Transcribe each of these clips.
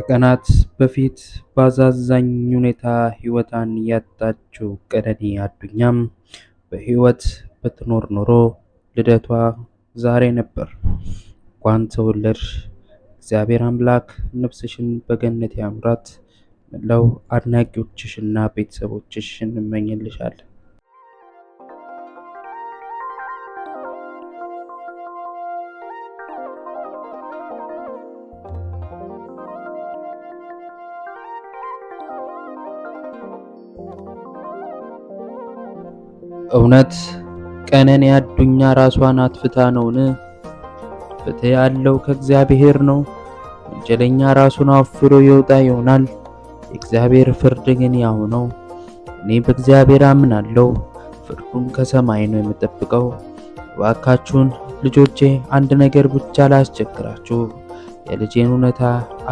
ከቀናት በፊት በአሳዛኝ ሁኔታ ሕይወቷን ያጣችው ቀነኒ አዱኛም በህይወት ብትኖር ኖሮ ልደቷ ዛሬ ነበር። እንኳን ተወለድሽ! እግዚአብሔር አምላክ ነፍስሽን በገነት ያምራት መላው አድናቂዎችሽና ቤተሰቦችሽ እንመኝልሻለን። እውነት ቀነን አዱኛ ራሷን አጥፍታ ነውን? ፍትሕ ያለው ከእግዚአብሔር ነው። ወንጀለኛ ራሱን አወፍሮ ይወጣ ይሆናል። የእግዚአብሔር ፍርድ ግን ያው ነው። እኔ በእግዚአብሔር አምናለሁ፣ ፍርዱን ከሰማይ ነው የምጠብቀው። እባካችሁን ልጆቼ አንድ ነገር ብቻ ላስቸግራችሁ፣ የልጄን እውነታ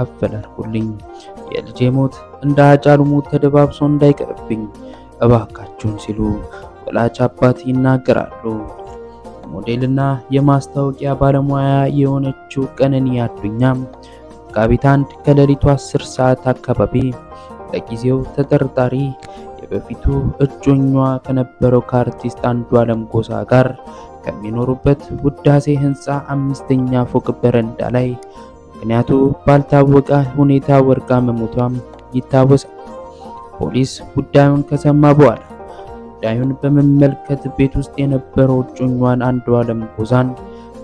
አፈላልኩልኝ የልጄ ሞት እንደ አጫሉ ሞት ተደባብሶ እንዳይቀርብኝ እባካችሁን ሲሉ ወላጅ አባት ይናገራሉ። ሞዴልና የማስታወቂያ ባለሙያ የሆነችው ቀነኒ አዱኛ መጋቢት አንድ ከሌሊቱ 10 ሰዓት አካባቢ ለጊዜው ተጠርጣሪ የበፊቱ እጮኛዋ ከነበረው ከአርቲስት አለም ጎሳ ጋር ከሚኖሩበት ውዳሴ ህንፃ አምስተኛ ፎቅ በረንዳ ላይ ምክንያቱ ባልታወቀ ሁኔታ ወርቃ መሞቷም ይታወሳል። ፖሊስ ጉዳዩን ከሰማ በኋላ ጉዳዩን በመመልከት ቤት ውስጥ የነበረው እጮኛዋን አንዷለም ጎዛን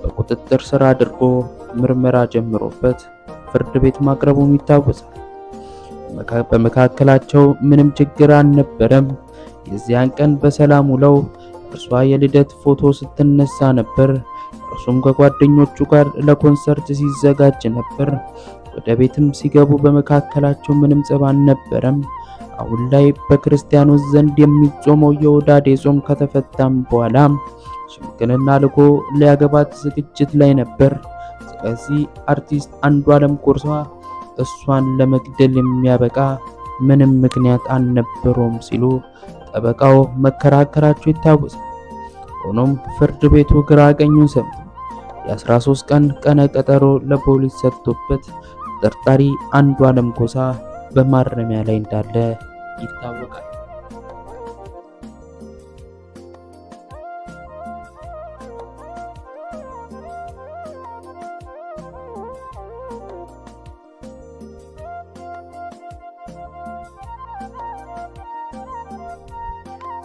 በቁጥጥር ስር አድርጎ ምርመራ ጀምሮበት ፍርድ ቤት ማቅረቡም ይታወሳል። በመካከላቸው ምንም ችግር አልነበረም። የዚያን ቀን በሰላም ውለው እርሷ የልደት ፎቶ ስትነሳ ነበር። እርሱም ከጓደኞቹ ጋር ለኮንሰርት ሲዘጋጅ ነበር። ወደ ቤትም ሲገቡ በመካከላቸው ምንም ጸብ አልነበረም። አሁን ላይ በክርስቲያኖች ዘንድ የሚጾመው የወዳዴ ጾም ከተፈታም በኋላ ሽምግልና ልኮ ሊያገባት ዝግጅት ላይ ነበር። ስለዚህ አርቲስት አለም ጎሳ እሷን ለመግደል የሚያበቃ ምንም ምክንያት አልነበረውም ሲሉ ጠበቃው መከራከራቸው ይታወሳል። ሆኖም ፍርድ ቤቱ ግራ ቀኙን ሰምቶ የ13 ቀን ቀነ ቀጠሮ ለፖሊስ ሰጥቶበት ተጠርጣሪ አንዱዓለም ጎሳ በማረሚያ ላይ እንዳለ ይታወቃል።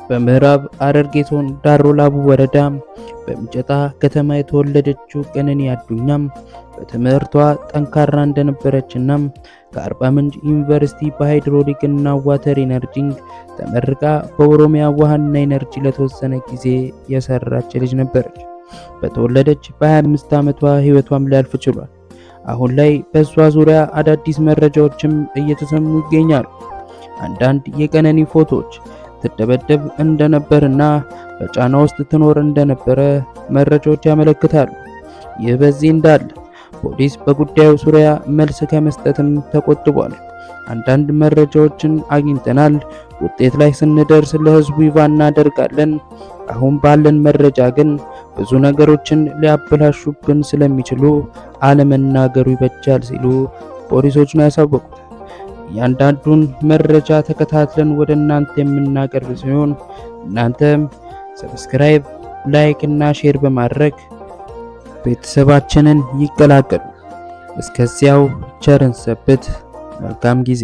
በምዕራብ ሐረርጌ ዞን ዳሮ ላቡ ወረዳ በሚጨጣ ከተማ የተወለደችው ቀነኒ አዱኛም በትምህርቷ ጠንካራ እንደነበረችና ከአርባ ምንጭ ዩኒቨርሲቲ በሃይድሮሊክ እና ዋተር ኢነርጂንግ ተመርቃ በኦሮሚያ ውሃና ኢነርጂ ለተወሰነ ጊዜ የሰራች ልጅ ነበረች። በተወለደች በ25 ዓመቷ ህይወቷም ሊያልፍ ችሏል። አሁን ላይ በእሷ ዙሪያ አዳዲስ መረጃዎችም እየተሰሙ ይገኛሉ። አንዳንድ የቀነኒ ፎቶዎች ትደበደብ እንደነበርና በጫና ውስጥ ትኖር እንደነበረ መረጃዎች ያመለክታሉ። ይህ በዚህ እንዳለ ፖሊስ በጉዳዩ ዙሪያ መልስ ከመስጠትም ተቆጥቧል። አንዳንድ መረጃዎችን አግኝተናል፣ ውጤት ላይ ስንደርስ ለህዝቡ ይፋ እናደርጋለን። አሁን ባለን መረጃ ግን ብዙ ነገሮችን ሊያበላሹብን ስለሚችሉ አለመናገሩ ይበጃል ሲሉ ፖሊሶች ነው ያሳወቁት። እያንዳንዱን መረጃ ተከታትለን ወደ እናንተ የምናቀርብ ሲሆን እናንተም ሰብስክራይብ፣ ላይክ እና ሼር በማድረግ ቤተሰባችንን ይቀላቀሉ። እስከዚያው ቸርን ሰብት። መልካም ጊዜ